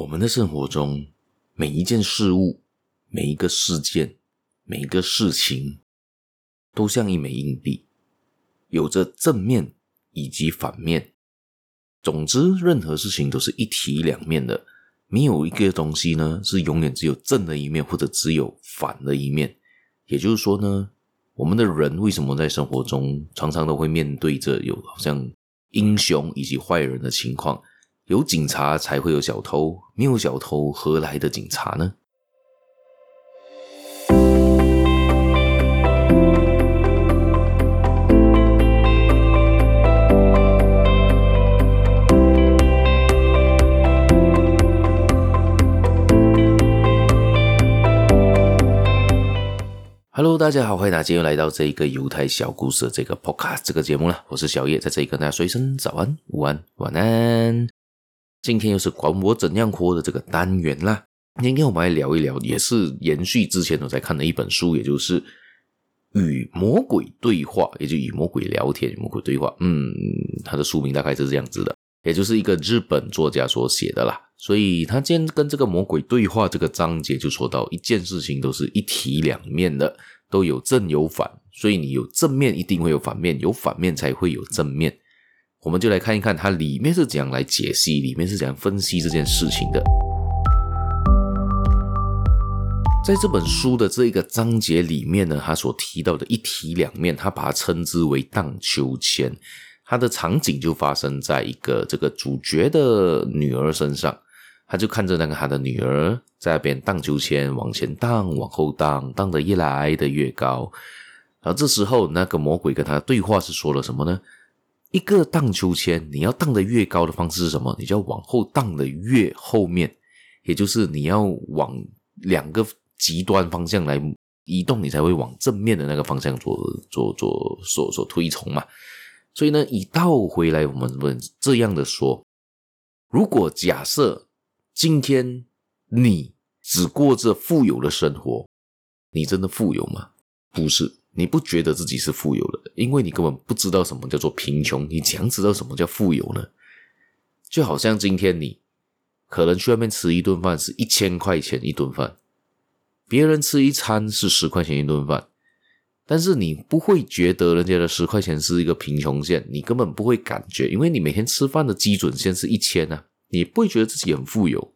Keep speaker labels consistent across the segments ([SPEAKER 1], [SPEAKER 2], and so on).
[SPEAKER 1] 我們的生活中，每一件事物、每一個事件、每一個事情，都像一枚硬幣，有着正面以及反面。總之，任何事情都是一體兩面的，沒有一個東西呢是永遠只有正的一面或者只有反的一面。也就是說呢，我們的人為什麼在生活中常常都會面對着有好像英雄以及壞人的情況？有警察才會有小偷，沒有小偷何來的警察呢？Hello，大家好，歡迎大家今天又來到這個猶太小故事的這個 Podcast 這個節目了。我是小葉，在這裡跟大家說一聲早安、午安、晚安。今天又是“管我怎樣活”的這個單元啦。今天我們來聊一聊，也是延續之前我在看的一本書，也就是《與魔鬼對話》，也就與魔鬼聊天、與魔鬼對話。嗯，它的書名大概就是這樣子的，也就是一個日本作家所寫的啦。所以他今天跟這個魔鬼對話這個章節就說到，一件事情都是一體兩面的，都有正有反，所以你有正面一定會有反面，有反面才會有正面。我們就來看一看它裡面是怎樣來解析，裡面是怎樣分析這件事情的。在這本書的這個章節裡面呢，他所提到的一體兩面，他把它稱之為盪秋千。它的場景就發生在一個這個主角的女兒身上，他就看着那個他的女兒在那邊盪秋千，往前盪，往後盪，盪得越來的越高。然後這時候，那個魔鬼跟他對話是說了什麼呢？一個盪秋千，你要盪得越高的方式是什麼？你就要往後盪得越後面，也就是你要往兩個極端方向來移動，你才會往正面的那個方向做做做做做做推崇嘛。所以呢，一倒回來，我們問這樣的說：如果假設今天你只過着富有的生活，你真的富有嗎？不是。你不覺得自己是富有的，因為你根本不知道什麼叫做貧窮。你怎樣知道什麼叫富有呢？就好像今天你可能去外面吃一頓飯是一千塊錢一頓飯，別人吃一餐是十塊錢一頓飯，但是你不會覺得人家的十塊錢是一個貧窮線，你根本不會感覺，因為你每天吃飯的基準線是一千啊，你不會覺得自己很富有，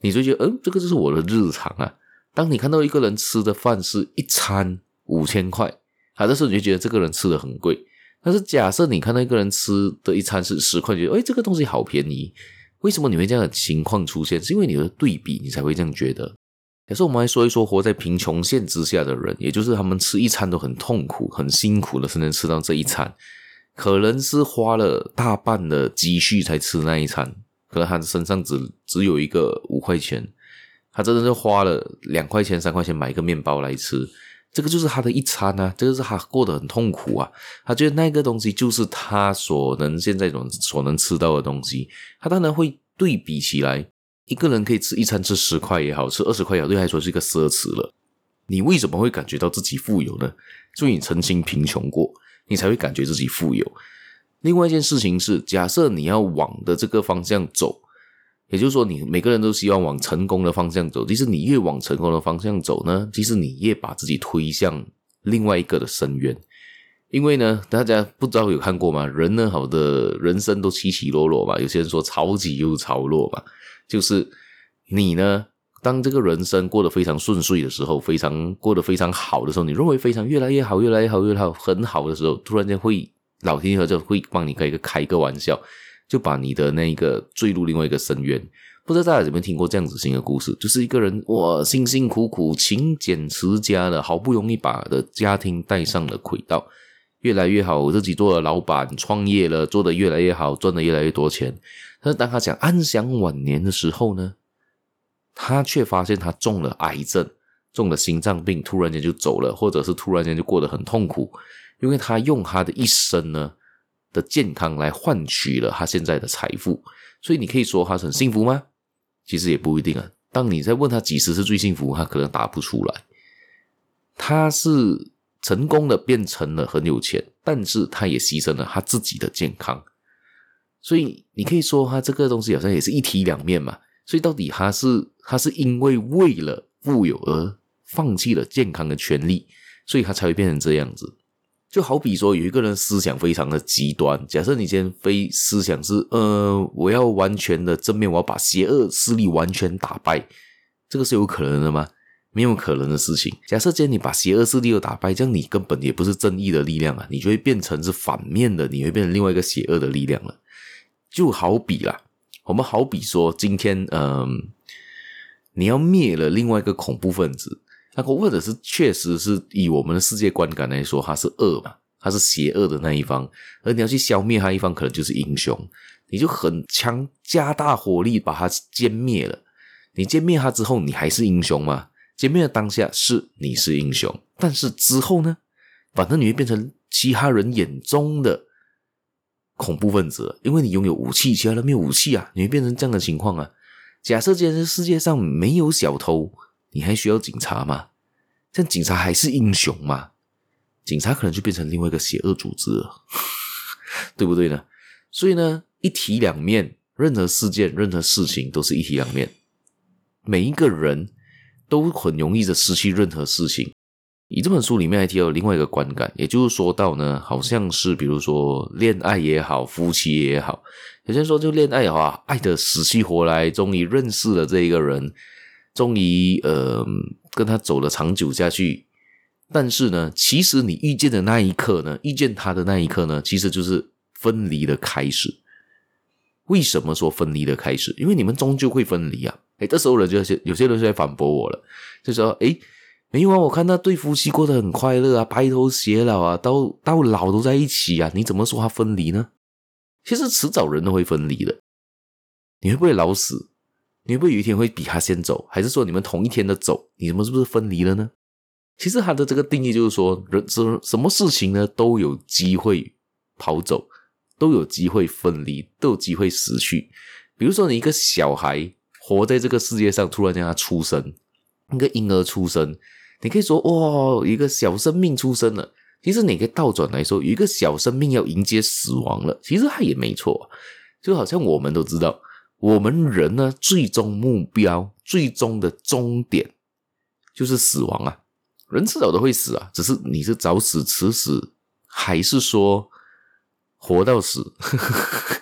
[SPEAKER 1] 你就覺得嗯，這個就是我的日常啊。當你看到一個人吃的飯是一餐，五千塊，好，這時候你就覺得這個人吃得很貴。但是假設你看到一個人吃的一餐是十塊錢，誒、哎、這個東西好便宜。為什麼你會這樣的情況出現？是因為你的對比，你才會這樣覺得。可是我們來說一說活在貧窮線之下的人，也就是他們吃一餐都很痛苦、很辛苦的是能吃到這一餐，可能是花了大半的積蓄才吃那一餐，可能他身上只只有一個五塊錢，他真的是花了兩塊錢、三塊錢買一個麵包來吃。這個就是他的一餐啊，這個是他過得很痛苦啊。他覺得那個東西就是他所能現在所能吃到的東西，他當然會對比起來，一個人可以吃一餐吃十塊也好吃二十塊，也好，對來說是一個奢侈了。你為什麼會感覺到自己富有呢？所以你曾經貧窮過，你才會感覺自己富有。另外一件事情是，假設你要往的這個方向走。也就是說，你每個人都希望往成功的方向走。即使，你越往成功的方向走呢，即使你越把自己推向另外一個的深淵。因為呢，大家不知道有看過嗎？人呢，好的人生都起起落落吧。有些人說“潮起又潮落”吧，就是你呢，當這個人生過得非常順遂的時候，非常過得非常好的時候，你認為非常越來越好，越來越好，越來越好，很好的時候，突然間會老天爺就會幫你開個開個玩笑。就把你的那一個墜入另外一個深淵，不知道大家有沒有聽過這樣子新的故事？就是一個人，哇，辛辛苦苦、勤儉持家了，好不容易把的家庭帶上了軌道，越來越好。我自己做了老板，創業了，做得越來越好，賺了越來越多錢。但是當他講安享晚年的時候呢，他卻發現他中了癌症，中了心臟病，突然間就走了，或者是突然間就過得很痛苦，因為他用他的一生呢。的健康來換取了他現在的財富，所以你可以說他很幸福嗎？其實也不一定啊。當你在問他幾時是最幸福，他可能答不出來。他是成功的變成了很有錢，但是他也犧牲了他自己的健康。所以你可以說他這個東西好像也是一體兩面嘛。所以到底他是他是因為為了富有而放棄了健康的權利，所以他才會變成這樣子。就好比說，有一個人思想非常的極端。假設你今天非思想是，呃，我要完全的正面，我要把邪惡勢力完全打敗，這個是有可能的嗎？沒有可能的事情。假設今天你把邪惡勢力又打敗，這樣你根本也不是正義的力量啊，你就會變成是反面的，你會變成另外一個邪惡的力量了。就好比啦，我們好比說，今天，嗯、呃，你要滅了另外一個恐怖分子。那個惡者是確實是以我們的世界觀感來說，他是惡嘛，他是邪惡的那一方，而你要去消滅他一方，可能就是英雄，你就很強加大火力把他殲滅了。你殲滅他之後，你還是英雄嗎？殲滅的當下是你是英雄，但是之後呢？反正你會變成其他人眼中的恐怖分子了，因為你擁有武器，其他人沒有武器啊，你會變成這樣的情況啊。假設今天世界上沒有小偷。你還需要警察嗎？但警察還是英雄嗎？警察可能就變成另外一個邪惡組織了， 對不對呢？所以呢，一體兩面，任何事件、任何事情都是一體兩面。每一個人都很容易的失去任何事情。你這本書裡面還提到有另外一個觀感，也就是說到呢，好像是比如說戀愛也好，夫妻也好，有些人說就戀愛啊，愛得死去活來，終於認識了這一個人。終於，呃，跟他走了長久下去。但是呢，其實你遇見的那一刻呢，遇見他的那一刻呢，其實就是分離的開始。為什麼說分離的開始？因為你們終究會分離啊！哎，這時候人就有些，有些人就在反駁我了，就說：“哎，沒有啊，我看那對夫妻過得很快樂啊，白頭偕老啊，到到老都在一起啊，你怎麼說他分離呢？”其實遲早人都會分離的，你會不會老死？你會不會有一天會比他先走，還是說你們同一天的走？你們是不是分離了呢？其實他的這個定義就是說，人生什麼事情呢都有機會逃走，都有機會分離，都有機會死去。比如說，你一個小孩活在這個世界上，突然間他出生，一個嬰兒出生，你可以說哇，哦、一個小生命出生了。其實，你可以倒轉來說，有一個小生命要迎接死亡了，其實他也沒錯。就好像我們都知道。我們人呢，最終目標、最終的終點就是死亡啊！人遲早都會死啊，只是你是早死、遲死，還是說活到死？呵呵呵，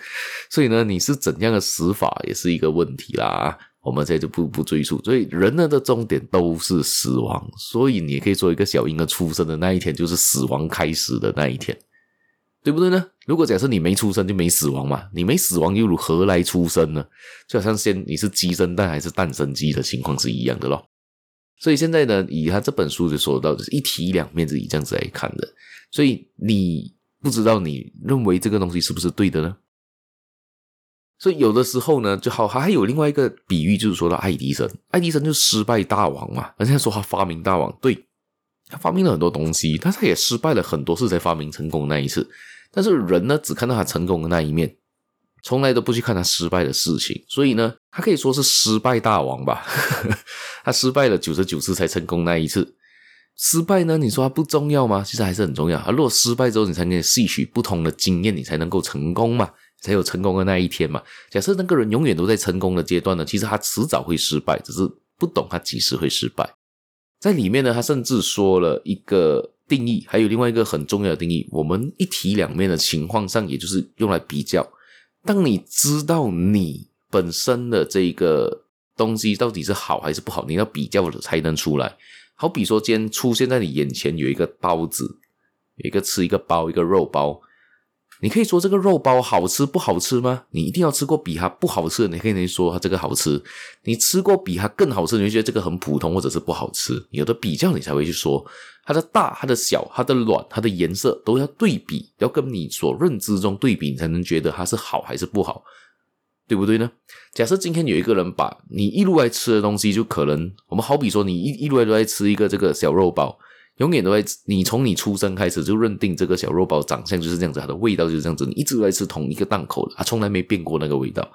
[SPEAKER 1] 所以呢，你是怎樣的死法也是一個問題啦。我們現在就不不贅述。所以人呢的終點都是死亡，所以你也可以說一個小嬰兒出生的那一天就是死亡開始的那一天。對不對呢？如果假設你沒出生就沒死亡嘛，你沒死亡又如何來出生呢？就好像先你是雞生蛋還是蛋生雞的情況是一樣的咯。所以現在呢，以他這本書就說到，就是一體兩面子以這一樣子來看的。所以你不知道你認為這個東西是不是對的呢？所以有的時候呢，就好還還有另外一個比喻，就是說到愛迪生，愛迪生就是失敗大王嘛，但現在說他發明大王，對。他發明了很多東西，但是他也失敗了很多次才發明成功的那一次。但是人呢，只看到他成功的那一面，從來都不去看他失敗的事情。所以呢，他可以說是失敗大王吧。 他失敗了九十九次才成功那一次。失敗呢，你說他不重要嗎？其實還是很重要。他、啊、如果失敗之後，你才能吸取不同的經驗，你才能夠成功嘛，才有成功的那一天嘛。假設那個人永遠都在成功的階段呢，其實他遲早會失敗，只是不懂他幾時會失敗。在裡面呢，他甚至說了一個定義，還有另外一個很重要的定義。我們一體兩面的情況上，也就是用來比較。當你知道你本身的這個東西到底是好還是不好，你要比較了才能出來。好比說，今天出現在你眼前有一個包子，有一個吃一個包，一個肉包。你可以說這個肉包好吃不好吃嗎？你一定要吃過比它不好吃的，你可以說它這個好吃。你吃過比它更好吃，你就覺得這個很普通或者是不好吃。有的比較你才會去說它的大、它的小、它的軟、它的顏色都要對比，要跟你所認知中對比，你才能覺得它是好還是不好，對不對呢？假設今天有一個人把你一路來吃的東西，就可能我們好比說你一一路來都愛吃一個這個小肉包。永遠都在，你從你出生開始就認定這個小肉包長相就是這樣子，它的味道就是這樣子。你一直都在吃同一個檔口的，它、啊、從來沒變過那個味道。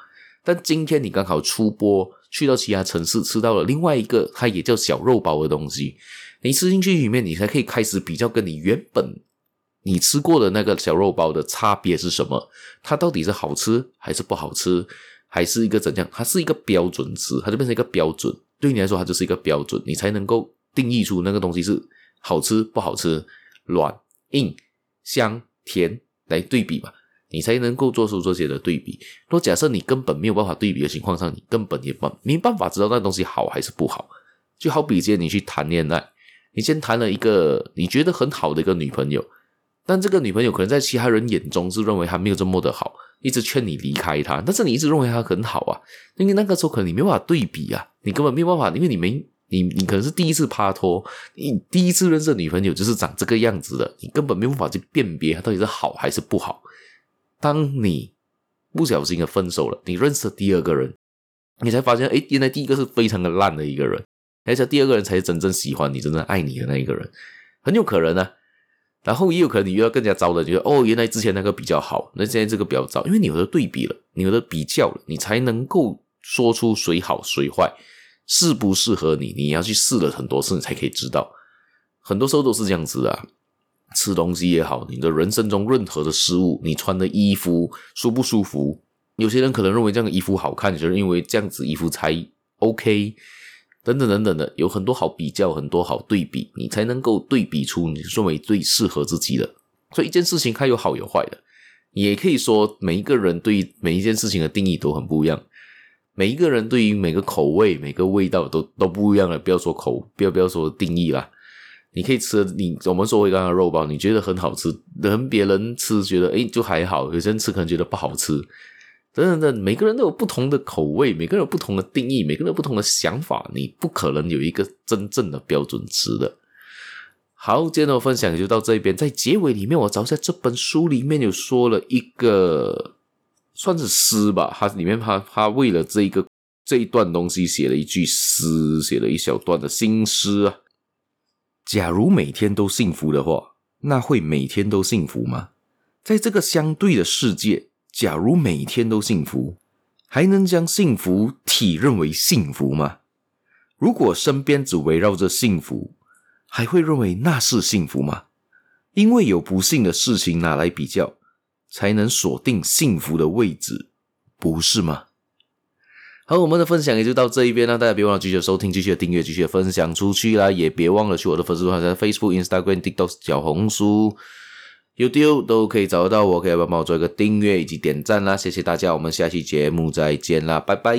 [SPEAKER 1] 但今天你剛好出波去到其他城市吃到了另外一個，它也叫小肉包的東西。你吃進去裡面，你才可以開始比較跟你原本你吃過的那個小肉包的差別是什麼？它到底是好吃還是不好吃，還是一個怎樣？它是一個標準值，它就變成一個標準。對你來說，它就是一個標準，你才能夠定義出那個東西是。好吃不好吃，軟硬香甜來對比嘛，你才能夠做出這些的對比。若假設你根本沒有辦法對比的情況下，你根本也辦沒辦法知道那東西好還是不好。就好比今天你去談戀愛，你先談了一個你覺得很好的一個女朋友，但這個女朋友可能在其他人眼中是認為她沒有這麼的好，一直勸你離開她，但是你一直認為她很好啊，因為那個時候可能你沒辦法對比啊，你根本沒有辦法，因為你沒。你你可能是第一次拍拖，你第一次認識的女朋友就是長這個樣子的，你根本沒有辦法去辨別她到底是好還是不好。當你不小心的分手了，你認識了第二個人，你才發現，哎，原來第一個是非常的爛的一個人，而且第二個人才是真正喜歡你、真正愛你的那一個人，很有可能呢，啊。然後也有可能你遇到更加糟的，就是哦，原來之前那個比較好，那現在這個比較糟，因為你有的對比了，你有的比較了，你才能夠說出誰好誰壞。適不適合你，你要去試了很多次，你才可以知道。很多時候都是這樣子的啊，吃東西也好，你的人生中任何的事物，你穿的衣服舒不舒服，有些人可能認為這樣的衣服好看，就是因為這樣子衣服才 OK，等等等等的，有很多好比較，很多好對比，你才能夠對比出你認為最適合自己的。所以一件事情它有好有壞的，也可以說每一個人對每一件事情的定義都很不一樣。每一個人對於每個口味，每個味道都都不一樣的，不要說口，不要不要說定義啦。你可以吃，你我們說回剛剛的肉包，你覺得很好吃，人別人吃覺得誒就還好，有些人吃可能覺得不好吃。等、等等等，每個人都有不同的口味，每個人有不同的定義，每個人有不同的想法，你不可能有一個真正的標準值的。好，今天的分享就到這邊，在結尾裡面，我早在這本書裡面有說了一個。算是詩吧，他裡面他他為了這一個這一段東西寫了一句詩，寫了一小段的新詩啊。假如每天都幸福的話，那會每天都幸福嗎？在這個相對的世界，假如每天都幸福，還能將幸福體認為幸福嗎？如果身邊只圍繞着幸福，還會認為那是幸福嗎？因為有不幸的事情拿來比較。才能鎖定幸福的位置，不是嗎？好，我們的分享也就到這一邊啦。大家別忘了繼續收聽、繼續訂閱、繼續分享出去啦！也別忘了去我的粉絲團，在 Facebook、Instagram、TikTok、小紅書、YouTube 都可以找得到我，可以幫忙我做一個訂閱以及點贊啦！謝謝大家，我們下期節目再見啦，拜拜。